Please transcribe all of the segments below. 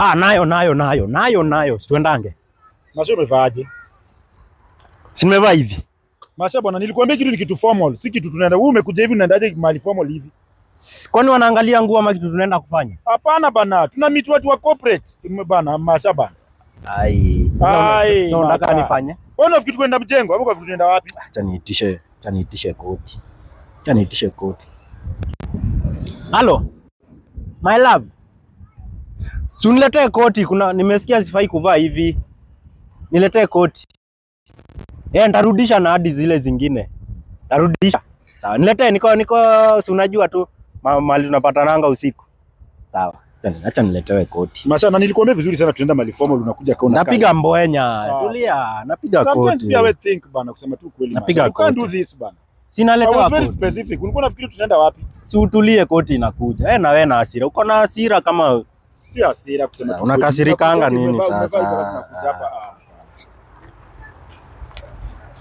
Ah, nayo nayo nayo nayo nayo situendange. Masio umevaaje? Si nimevaa hivi. Masio bwana, nilikwambia kitu ni kitu formal, si kitu tunaenda. Wewe umekuja hivi unaendaje mali formal hivi? Kwani wanaangalia nguo ama kitu tunaenda kufanya? Hapana bana, tuna meet watu wa corporate. Bana, Masha bana. Ai. Ai. Sasa unataka nifanye? Wewe unafikiri tukwenda mjengo au unafikiri tunaenda wapi? Ah, acha niitishe, acha niitishe koti. Acha niitishe koti. Halo. My love. Si uniletee koti, kuna nimesikia sifai kuvaa hivi. Niletee koti. Eh, ntarudisha na hadi zile zingine. Narudisha. Sawa, niletee niko niko si unajua tu mali tunapata nanga usiku. Sawa. Tena acha niletewe koti. Masha na nilikuambia vizuri sana tunaenda mali formal unakuja kaona. unakaa. Napiga mbwenya. Ah. Tulia, napiga koti. Sometimes pia we think bana kusema tu kweli. Napiga koti. can't do this bana. Sina leta hapo. Very specific. Ulikuwa unafikiri tunaenda wapi? Si utulie, koti inakuja. Eh, na wewe na hasira. Uko na hasira kama si hasira kusema tu. Unakasirikanga nini sasa? Ah.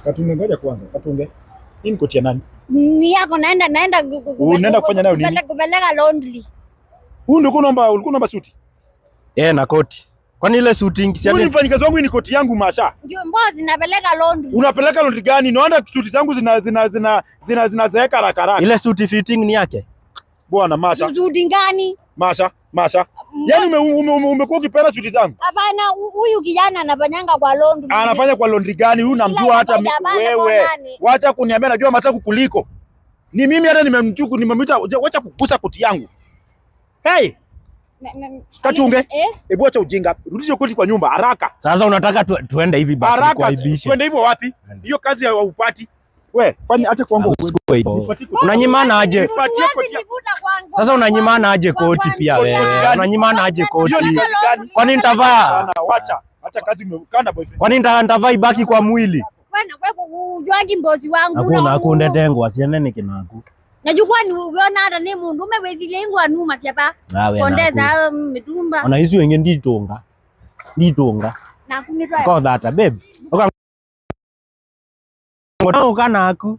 Katunge, ngoja kwanza katunge. Hii ni koti ya nani? Ni yako, naenda naenda. Unaenda kufanya nayo nini? Kupeleka laundry. Huu ndio unaomba, ulikuwa unaomba suti? Eh, na koti. kwa nini ile suti ingi siani? Mimi mfanyikazi wangu ni koti yangu masha. Ndio mbona zinapeleka laundry? Unapeleka laundry gani? Naona suti zangu zina zina zina zina zinazeeka haraka haraka. Ile suti fitting ni yake? Bwana masha. Suti gani? Masha. Masha. Mm. Yaani umekuwa ukipenda suti zangu? Hapana, huyu kijana anafanyanga kwa laundry. Anafanya kwa laundry gani? Huyu namjua hata wewe. Wacha kuniambia najua Masha kuliko. Ni mimi hata nimemchuku nimemwita wacha kukusa koti yangu. Hey. Kachunge. Yaani, eh? Ebu acha ujinga. Rudisha koti kwa nyumba haraka. Sasa unataka tuende hivi basi kuaibisha. Tuende hivyo wapi? Hiyo kazi ya upati. We, fanya acha kwangu unanyimana aje? Sasa unanyimana aje koti pia wewe? Unanyimana aje koti? Kwa nini nitavaa? Acha acha kazi imekaa na boyfriend. nini nitavaa ibaki kwa mwili? Bwana wewe mbozi wangu. Hakuna hakuna dengo asiende nikinaku. Najua ni unaona hata ni mundu umewezi lengwa numa siapa. Kondeza mitumba. Ona hizo wengine nditonga. tonga. Na kunitoa. Kwa data babe. canaco!